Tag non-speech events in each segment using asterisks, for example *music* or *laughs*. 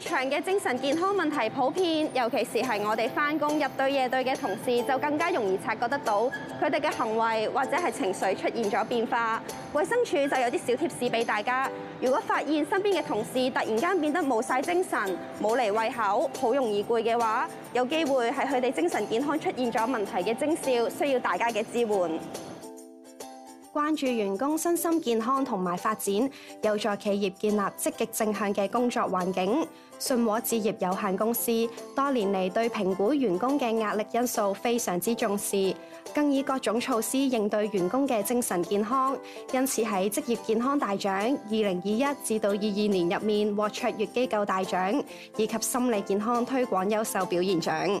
長嘅精神健康問題普遍，尤其是係我哋返工入對夜對嘅同事，就更加容易察覺得到佢哋嘅行為或者係情緒出現咗變化。衛生署就有啲小貼士俾大家，如果發現身邊嘅同事突然間變得冇晒精神，冇嚟胃口，好容易攰嘅話，有機會係佢哋精神健康出現咗問題嘅徵兆，需要大家嘅支援。關注員工身心健康同埋發展，有助企業建立積極正向嘅工作環境。信和置業有限公司多年嚟對評估員工嘅壓力因素非常之重視，更以各種措施應對員工嘅精神健康。因此喺職業健康大獎二零二一至到二二年入面獲卓越機構大獎，以及心理健康推廣優秀表現獎。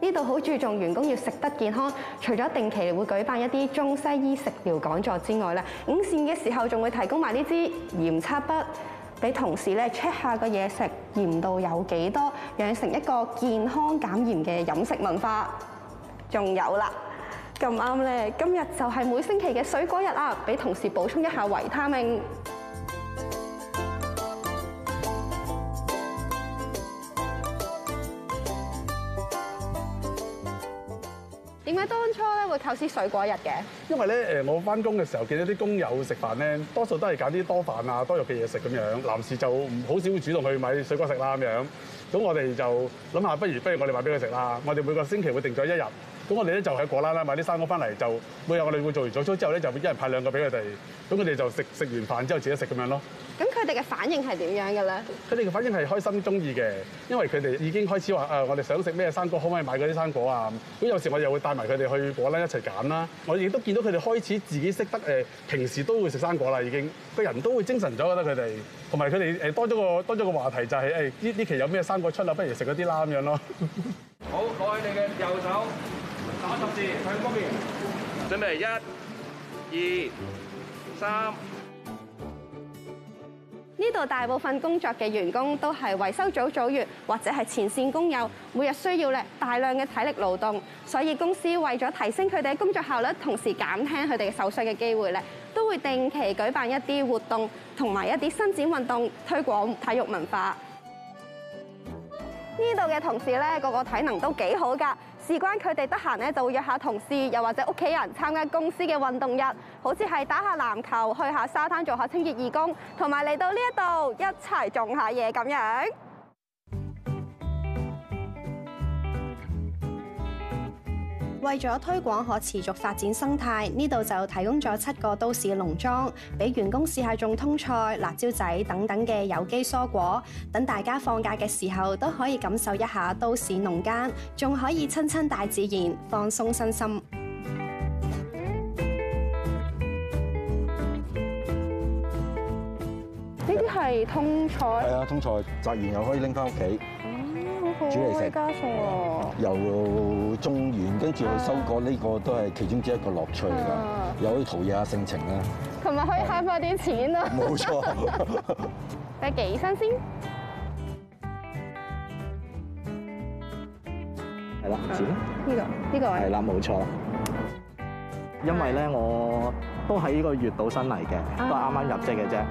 呢度好注重員工要食得健康，除咗定期會舉辦一啲中西醫食療講座之外咧，午膳嘅時候仲會提供埋呢支鹽測筆，俾同事咧 check 下個嘢食鹽度有幾多，養成一個健康減鹽嘅飲食文化。仲有啦，咁啱咧，今日就係每星期嘅水果日啦，俾同事補充一下維他命。點解當初咧會構思水果日嘅？因為咧誒，我翻工嘅時候見到啲工友食飯咧，多數都係揀啲多飯啊、多肉嘅嘢食咁樣，男士就好少會主動去買水果食啦咁樣。咁我哋就諗下，不如不如我哋買俾佢食啦。我哋每個星期會定咗一日。咁我哋咧就喺果欄啦買啲生果翻嚟，就每日我哋會做完早操之後咧，就一人派兩個俾佢哋。咁佢哋就食食完飯之後自己食咁樣咯。佢哋嘅反應係點樣嘅咧？佢哋嘅反應係開心中意嘅，因為佢哋已經開始話誒，我哋想食咩生果，可唔可以買嗰啲生果啊？咁有時我又會帶埋佢哋去果欄一齊揀啦。我亦都見到佢哋開始自己識得誒，平時都會食生果啦，已經個人都會精神咗，覺得佢哋同埋佢哋誒多咗個多咗個話題就係誒呢呢期有咩生果出啊？不如食嗰啲啦咁樣咯。 *laughs* 好，攞起你嘅右手打十字向嗰邊，準備一、二、三。呢度大部分工作嘅員工都係維修組組員或者係前線工友，每日需要咧大量嘅體力勞動，所以公司為咗提升佢哋嘅工作效率，同時減輕佢哋受傷嘅機會咧，都會定期舉辦一啲活動同埋一啲伸展運動，推廣體育文化。呢度嘅同事咧，個個體能都幾好㗎。事關佢哋得閒就會約下同事，又或者屋企人參加公司嘅運動日，好似係打下籃球、去下沙灘做下清潔義工，同埋嚟到呢一度一齊種下嘢咁樣。為咗推廣可持續發展生態，呢度就提供咗七個都市農莊，俾員工試下種通菜、辣椒仔等等嘅有機蔬果，等大家放假嘅時候都可以感受一下都市農耕，仲可以親親大自然，放鬆身心。呢啲係通菜，係啊，通菜摘完又可以拎翻屋企，煮嚟食，加餸喎。由種完，跟住去收割呢個都係其中之一個樂趣嚟㗎，又可以陶冶下性情啦，同埋可以慳翻啲錢啊！冇錯，得幾新鮮？係啦，錢，呢個呢個係，係啦，冇錯。因為咧，我都喺呢個月度新嚟嘅，都係啱啱入職嘅啫。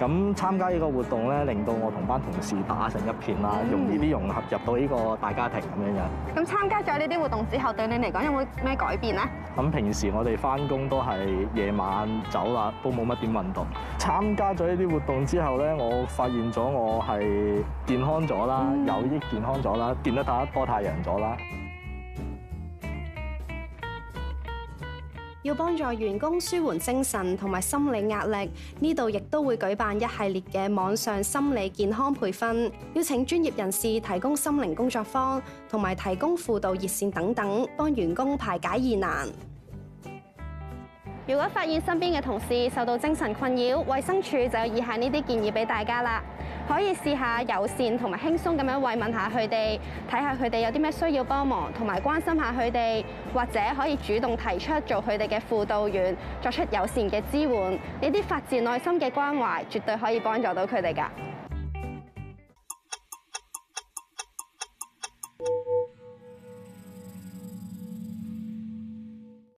咁參加呢個活動咧，令到我同班同事打成一片啦，容易啲融合入到呢個大家庭咁樣樣。咁參加咗呢啲活動之後，對你嚟講有冇咩改變咧？咁平時我哋返工都係夜晚走啦，都冇乜點運動。參加咗呢啲活動之後咧，我發現咗我係健康咗啦，有益健康咗啦，見得一波太陽咗啦。要幫助員工舒緩精神同埋心理壓力，呢度亦都會舉辦一系列嘅網上心理健康培訓，邀請專業人士提供心靈工作坊，同埋提供輔導熱線等等，幫員工排解疑難。如果發現身邊嘅同事受到精神困擾，衛生署就有以下呢啲建議俾大家啦。可以試下友善同埋輕鬆咁樣慰問下佢哋，睇下佢哋有啲咩需要幫忙，同埋關心下佢哋，或者可以主動提出做佢哋嘅輔導員，作出友善嘅支援。呢啲發自內心嘅關懷，絕對可以幫助到佢哋㗎。